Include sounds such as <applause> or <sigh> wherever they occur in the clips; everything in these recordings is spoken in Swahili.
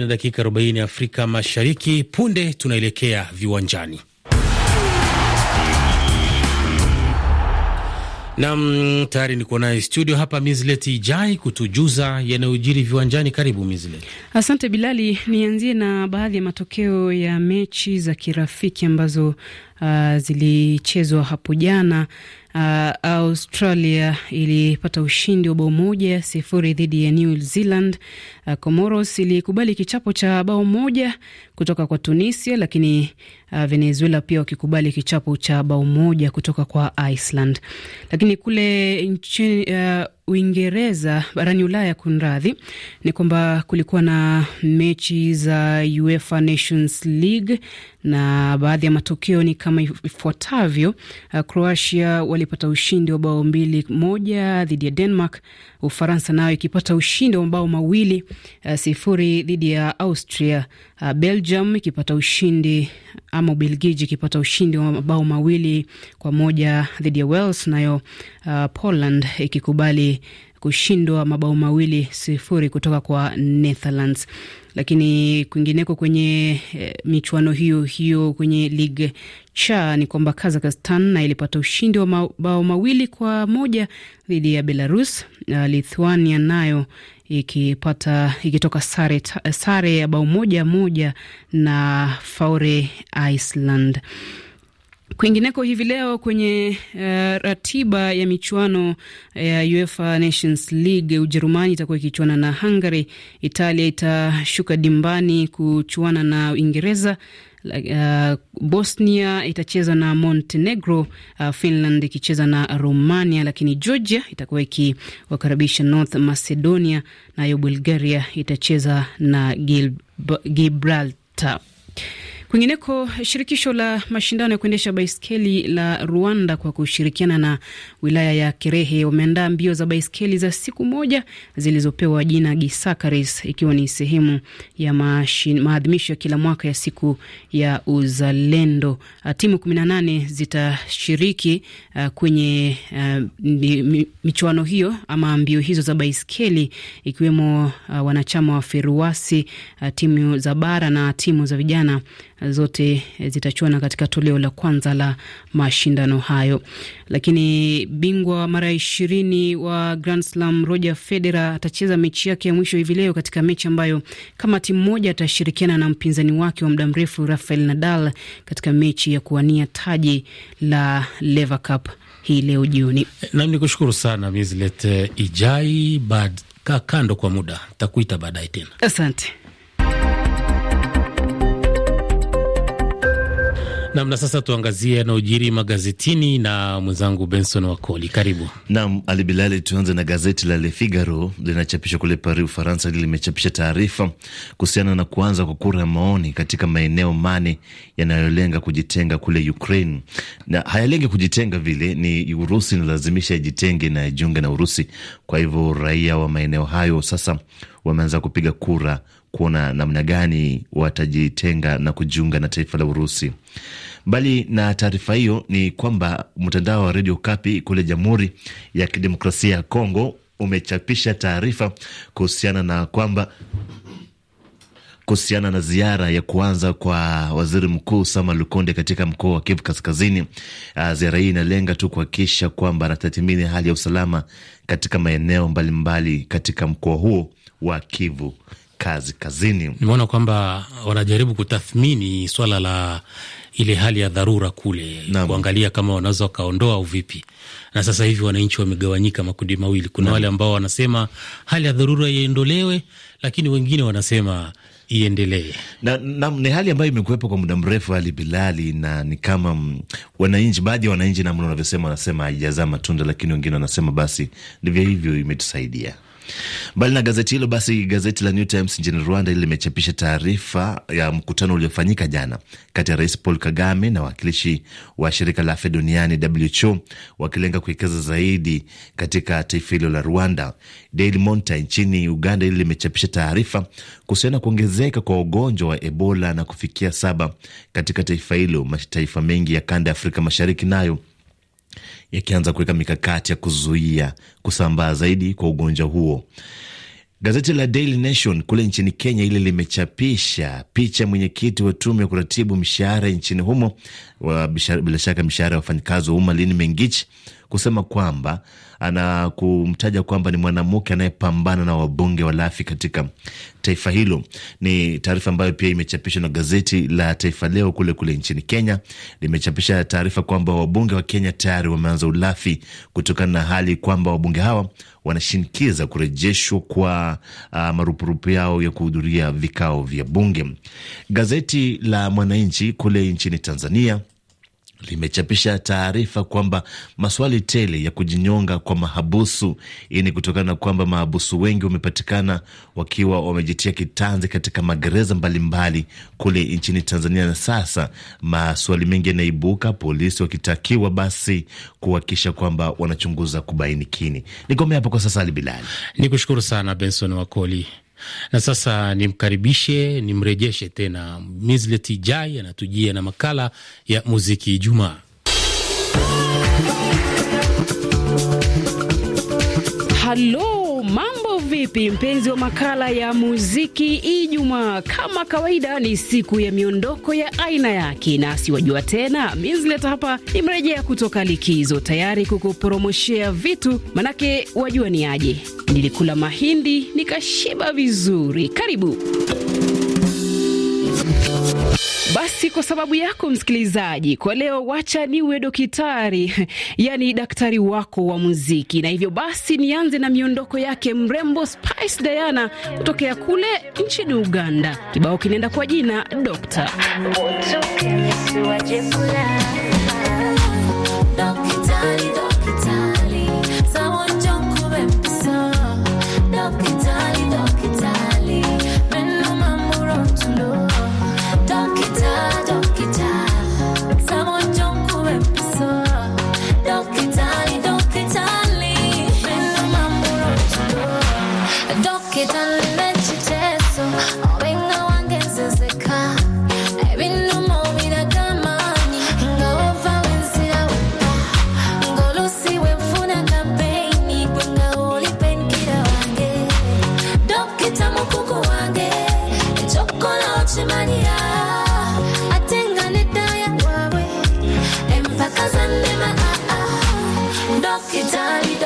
Na dakika 40 Afrika Mashariki. Punde tunaelekea viwanjani nam, tayari niko naye studio hapa Mislet Ijai kutujuza yanayojiri viwanjani. Karibu Mislet. Asante Bilali, nianzie na baadhi ya matokeo ya mechi za kirafiki ambazo uh, zilichezwa hapo jana. Uh, Australia ilipata ushindi wa bao moja sifuri dhidi ya New Zealand. Uh, Comoros ilikubali kichapo cha bao moja kutoka kwa Tunisia, lakini uh, Venezuela pia wakikubali kichapo cha bao moja kutoka kwa Iceland, lakini kule nchini uh, Uingereza barani Ulaya, kunradhi, ni kwamba kulikuwa na mechi za UEFA Nations League na baadhi ya matokeo ni kama ifuatavyo: uh, Croatia walipata ushindi wa bao mbili moja dhidi ya Denmark, Ufaransa nayo ikipata ushindi wa mabao mawili uh, sifuri dhidi ya Austria, uh, Belgium ikipata ushindi ama Ubelgiji ikipata ushindi wa mabao mawili kwa moja dhidi ya Wales, nayo uh, Poland ikikubali kushindwa mabao mawili sifuri kutoka kwa Netherlands. Lakini kwingineko kwenye e, michuano hiyo hiyo kwenye Ligue cha ni kwamba Kazakhstan na ilipata ushindi wa mabao mawili kwa moja dhidi ya Belarus. Lithuania nayo ikipata ikitoka sare, sare ya bao moja moja na Faure Iceland. Kwingineko hivi leo kwenye uh, ratiba ya michuano eh, ya uh, UEFA Nations League, Ujerumani itakuwa ikichuana na Hungary, Italia itashuka dimbani kuchuana na Uingereza. Uh, Bosnia itacheza na Montenegro, uh, Finland ikicheza na Romania, lakini Georgia itakuwa ikiwakaribisha North Macedonia, nayo Bulgaria itacheza na Gibraltar. Kwingineko, shirikisho la mashindano ya kuendesha baiskeli la Rwanda kwa kushirikiana na wilaya ya Kirehe wameandaa mbio za baiskeli za siku moja zilizopewa jina Gisakaris, ikiwa ni sehemu ya maadhimisho ya kila mwaka ya siku ya uzalendo. Ah, timu 18 zitashiriki uh, kwenye uh, michuano hiyo ama mbio hizo za baiskeli, ikiwemo uh, wanachama wa feruasi uh, timu za bara na timu za vijana zote zitachuana katika toleo la kwanza la mashindano hayo. Lakini bingwa mara ishirini wa Grand Slam Roger Federer atacheza mechi yake ya mwisho hivi leo katika mechi ambayo kama timu moja atashirikiana na mpinzani wake wa muda mrefu Rafael Nadal katika mechi ya kuwania taji la Lever Cup hii leo jioni. Nam ni kushukuru sana Mislet eh, Ijai bad kando kwa muda takuita baadaye tena, asante. Nam, na sasa tuangazie yanayojiri magazetini na mwenzangu Benson Wakoli, karibu. Nam Ali Bilali, tuanze na gazeti la Le Figaro linachapishwa kule Paris, Ufaransa. Hili limechapisha taarifa kuhusiana na kuanza kwa kura ya maoni katika maeneo mane yanayolenga kujitenga kule Ukraine, na hayalengi kujitenga vile, ni Urusi inalazimisha ijitenge na ijiunge na Urusi. Kwa hivyo raia wa maeneo hayo sasa wameanza kupiga kura kuona namna gani watajitenga na kujiunga na taifa la Urusi. Mbali na taarifa hiyo, ni kwamba mtandao wa redio Kapi kule Jamhuri ya Kidemokrasia ya Kongo umechapisha taarifa kuhusiana na kwamba kuhusiana na ziara ya kuanza kwa waziri mkuu Sama Lukonde katika mkoa wa Kivu Kaskazini. Ah, ziara hii inalenga tu kuhakikisha kwamba anatathmini hali ya usalama katika maeneo mbalimbali mbali katika mkoa huo wa Kivu Kaskazini. Nimeona kwamba wanajaribu kutathmini swala la ile hali ya dharura kule Naam. kuangalia kama wanaweza wakaondoa au vipi. Na sasa hivi wananchi wamegawanyika makundi mawili, kuna Naam. wale ambao wanasema hali ya dharura iondolewe, lakini wengine wanasema iendelee na, na, ni hali ambayo imekuwepo kwa muda mrefu, hali bilali, na ni kama mm, wananchi, baadhi ya wananchi namna wanavyosema wanasema haijazaa matunda, lakini wengine wanasema basi ndivyo hivyo, imetusaidia Mbali na gazeti hilo, basi gazeti la New Times nchini Rwanda limechapisha taarifa ya mkutano uliofanyika jana kati ya Rais Paul Kagame na wawakilishi wa shirika la afya duniani WHO, wakilenga kuwekeza zaidi katika taifa hilo la Rwanda. Daily Monitor nchini Uganda hili limechapisha taarifa kuhusiana kuongezeka kwa ugonjwa wa Ebola na kufikia saba katika taifa hilo. Mataifa mengi ya kanda ya Afrika Mashariki nayo yakianza kuweka mikakati ya kuzuia kusambaa zaidi kwa ugonjwa huo. Gazeti la Daily Nation kule nchini Kenya hili limechapisha picha mwenyekiti wa tume ya kuratibu mishahara nchini humo, bila shaka mishahara ya wafanyikazi wa umma Lini Mengich kusema kwamba ana kumtaja kwamba ni mwanamke anayepambana na wabunge walafi katika taifa hilo. Ni taarifa ambayo pia imechapishwa na gazeti la Taifa Leo kule kule nchini Kenya. Limechapisha taarifa kwamba wabunge wa Kenya tayari wameanza ulafi kutokana na hali kwamba wabunge hawa wanashinikiza kurejeshwa kwa uh, marupurupu yao ya kuhudhuria vikao vya bunge. Gazeti la Mwananchi kule nchini Tanzania limechapisha taarifa kwamba maswali tele ya kujinyonga kwa mahabusu. Hii ni kutokana na kwamba mahabusu wengi wamepatikana wakiwa wamejitia kitanzi katika magereza mbalimbali kule nchini Tanzania, na sasa maswali mengi yanaibuka, polisi wakitakiwa basi kuhakikisha kwamba wanachunguza kubaini kini. Nigome hapo kwa sasa, Ali Bilali, ni kushukuru sana Benson Wakoli. Na sasa nimkaribishe nimrejeshe tena Mislet Jai anatujia na makala ya muziki Ijumaa. Halo vipi mpenzi wa makala ya muziki Ijumaa? Kama kawaida, ni siku ya miondoko ya aina yake, nasi wajua tena Mislet hapa imerejea kutoka likizo, tayari kukupromoshea vitu, manake wajua ni aje, nilikula mahindi nikashiba vizuri. Karibu. Basi kwa sababu yako msikilizaji, kwa leo wacha niwe dokitari, <laughs> yani daktari wako wa muziki, na hivyo basi nianze na miondoko yake mrembo Spice Diana kutokea kule nchini Uganda. Kibao kinaenda kwa jina Dokta. simania atengane daya wawe empaka zanema ah, ah. dokitari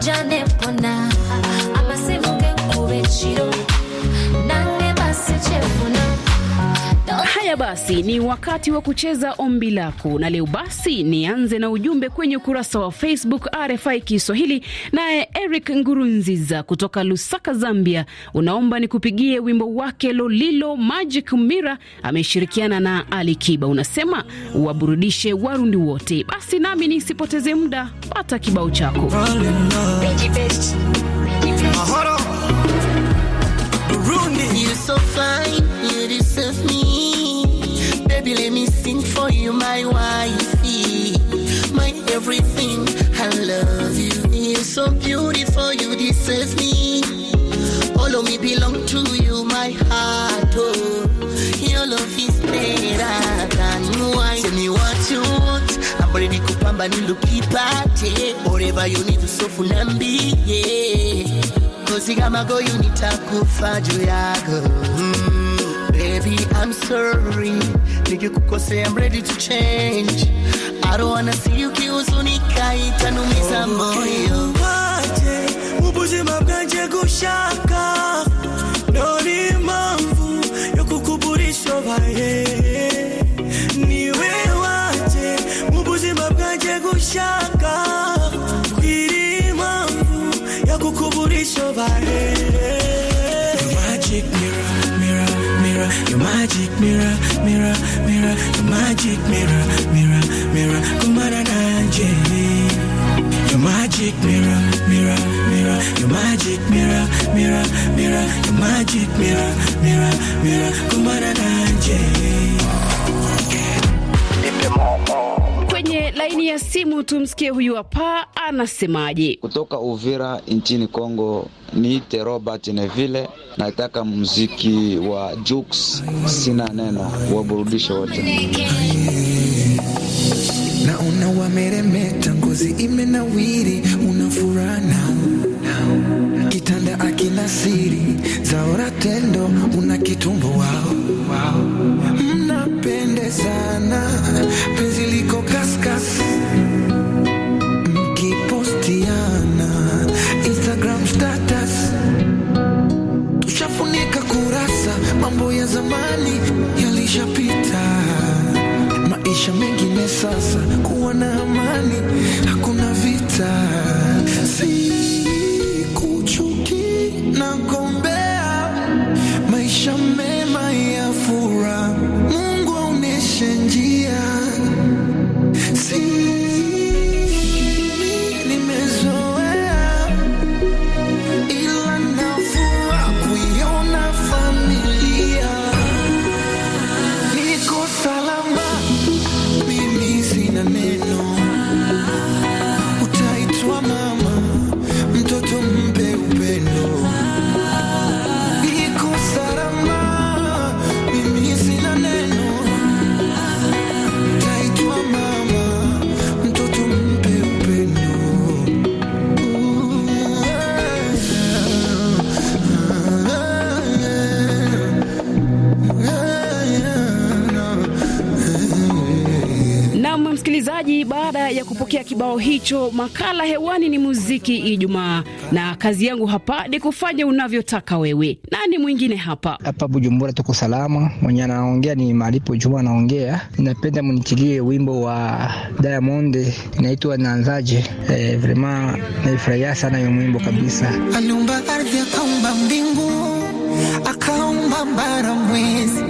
Johnny Haya basi, ni wakati wa kucheza ombi lako, na leo basi nianze na ujumbe kwenye ukurasa wa Facebook RFI Kiswahili. Naye Eric Ngurunziza kutoka Lusaka, Zambia, unaomba nikupigie wimbo wake Lolilo Magic Mira ameshirikiana na Ali Kiba. Unasema waburudishe Warundi wote. Basi nami nisipoteze muda, pata kibao chako Mahoro, Burundi. Waiting for you, my wifey, my everything. I love you. You're so beautiful, you deserve me. All of me belong to you, my heart. Oh, your love is better than wine. Tell me what you want. I'm ready to kupamba nilukipate. Whatever you need, nambi. Yeah, Cause you need to juu yako. Mm, baby, I'm sorry nikikukosea I'm ready to change. I don't wanna see you kihuzunika, itanumiza oh, moyo. Wache ubuzima bwanje gushaka Noni impamvu yo kukuburisho baye niwe waje mu buzima bwanje gushaka kwiri impamvu yo kukuburisho baye magic mirror, mirror, mirror, your magic mirror, mirror, mirror, come on and Your magic mirror, mirror, mirror, your magic mirror, mirror, mirror, your magic mirror, mirror, mirror, come on and laini ya simu, tumsikie huyu hapa anasemaje. Kutoka Uvira nchini Kongo, niite Robert Neville, nataka muziki wa Jux, sina neno, waburudishe wote Naona wameremeta, ngozi imenawiri, una furaha kitanda akina siri zaora tendo, una kitumbo wao, mnapende sana zamani yalishapita, maisha mengine sasa, kuwa na amani, hakuna vita kibao hicho. Makala hewani ni muziki Ijumaa, na kazi yangu hapa ni kufanya unavyotaka wewe. Nani mwingine hapa? Hapa Bujumbura tuko salama, mwenye anaongea ni Malipo Juma anaongea. Napenda mnitilie wimbo wa Diamond inaitwa Nanzaje. Eh, vrema naifurahia sana hiyo mwimbo kabisa. Aniumba ardhi, akaumba mbingu, akaumba mbara mwezi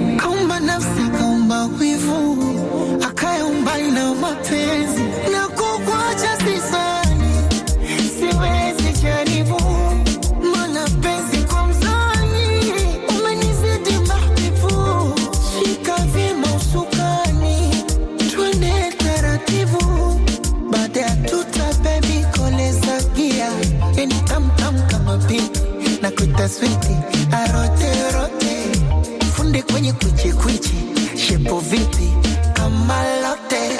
Tafuta switi arote rote, funde kwenye kwiche kwiche, shepo vipi kama lote,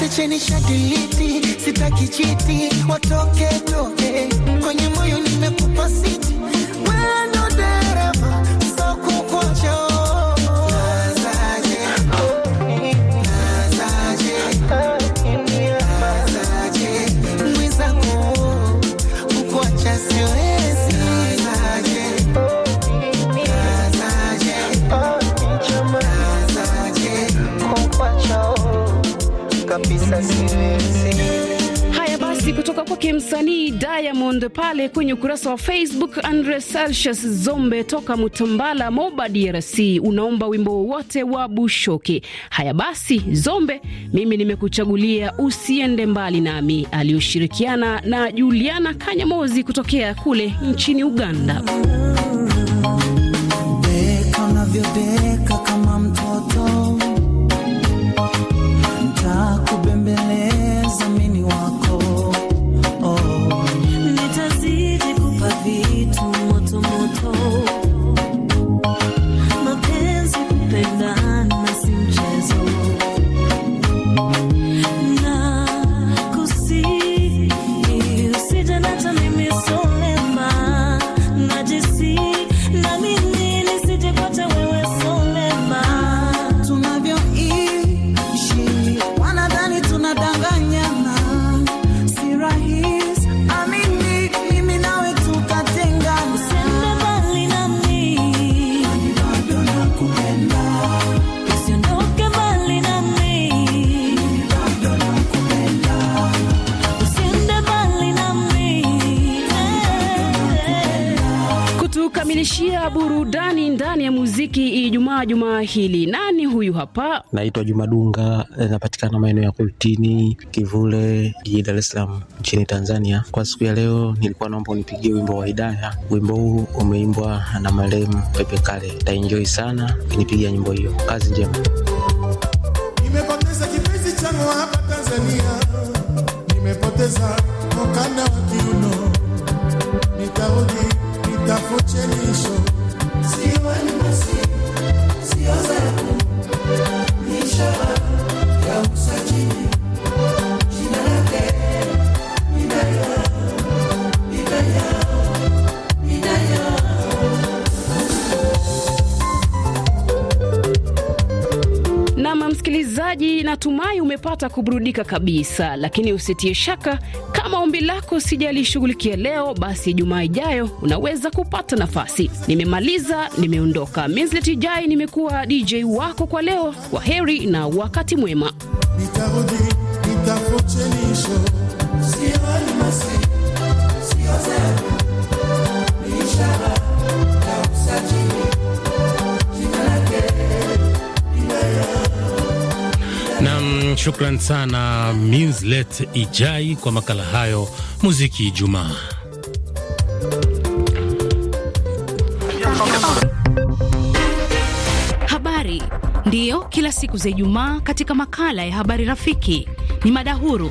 vete shadiliti, sitaki chiti, watoke toke kwenye kabisa siwezi. Haya basi, kutoka kwake msanii Diamond pale kwenye ukurasa wa Facebook. Andre Celsius Zombe toka Mutambala, Moba, DRC, unaomba wimbo wowote wa Bushoke. Haya basi, Zombe, mimi nimekuchagulia usiende mbali nami, aliyoshirikiana na Juliana Kanyamozi kutokea kule nchini Uganda. and Tunakukamilishia burudani ndani ya muziki Ijumaa jumaa hili. Nani huyu hapa? Naitwa Jumadunga, napatikana maeneo ya Kultini Kivule, jijini Dar es Salaam nchini Tanzania. Kwa siku ya leo, nilikuwa naomba unipigie wimbo wa Hidaya. Wimbo huu umeimbwa na marehemu Pepe Kale. Taenjoy sana kinipigia nyimbo hiyo. Kazi njema. Nimepoteza kipenzi changu hapa Tanzania, nimepoteza ukanda wa kiuno, nitarudi Msikilizaji, natumai umepata kuburudika kabisa, lakini usitie shaka kama ombi lako sijalishughulikia leo, basi Ijumaa ijayo unaweza kupata nafasi. Nimemaliza, nimeondoka. Minzlet Ijai, nimekuwa DJ wako kwa leo. Kwa heri na wakati mwema. Shukran sana Minslet Ijai kwa makala hayo muziki Ijumaa. Habari ndiyo kila siku za Ijumaa katika makala ya habari rafiki, ni mada huru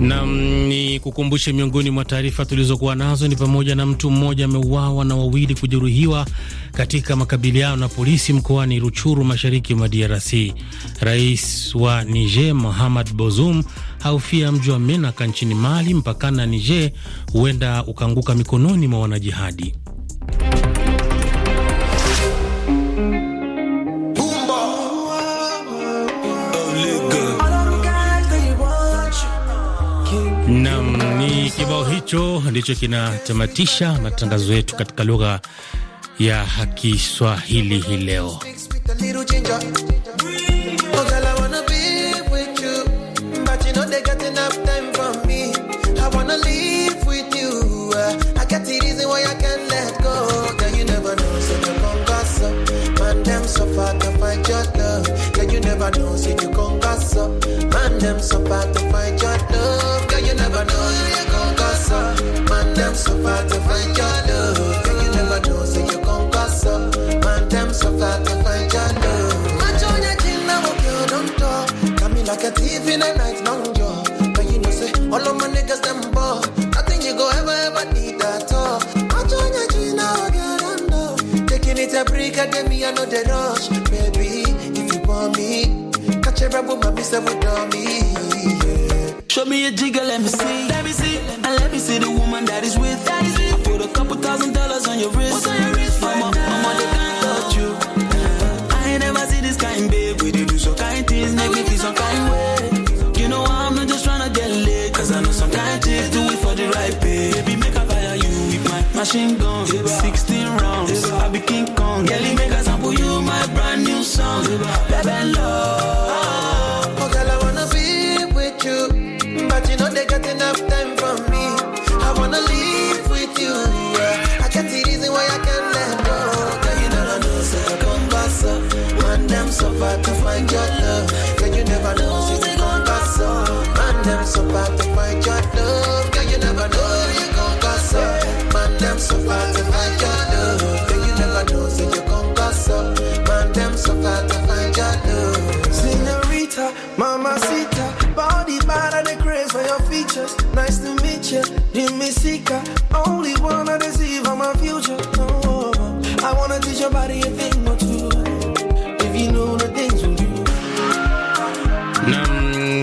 Nam ni kukumbushe, miongoni mwa taarifa tulizokuwa nazo ni pamoja na mtu mmoja ameuawa na wawili kujeruhiwa katika makabiliano na polisi mkoani Ruchuru, mashariki mwa DRC. Rais wa Niger Mohamed Bozoum haufia mji wa Menaka nchini Mali, mpakana na Niger, huenda ukaanguka mikononi mwa wanajihadi. Nam ni kibao hicho ndicho kinatamatisha matangazo yetu katika lugha ya Kiswahili hii leo. bigger than me, I know they rush. Baby, if you want me, catch a rebel, my miss with me. Show me a jigger, let me see. Let me see. And let me see the woman that is with. That is it. put a couple thousand dollars on your wrist. What's on your wrist? mama, now? mama, they can't touch you. I ain't never seen this kind, babe. We do some kind things, make me feel some kind way. You know I'm not just trying to get laid. Cause I know some kind things do it for the right pay. Baby, make a fire you with my machine gun. Six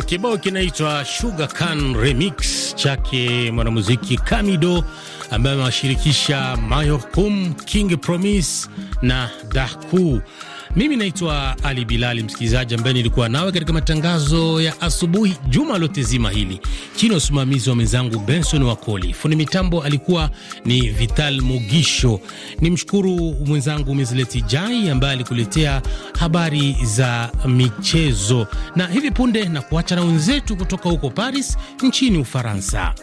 Kibao kinaitwa Sugar Can Remix chake mwanamuziki Kamido ambaye amewashirikisha Kum, King Promise na Dahku. Mimi naitwa Ali Bilali, msikilizaji ambaye nilikuwa nawe katika matangazo ya asubuhi juma lote zima hili, chini ya usimamizi wa mwenzangu Benson Wakoli. Fundi mitambo alikuwa ni Vital Mugisho. Ni mshukuru mwenzangu Mizleti Jai ambaye alikuletea habari za michezo, na hivi punde na kuacha na wenzetu kutoka huko Paris nchini Ufaransa.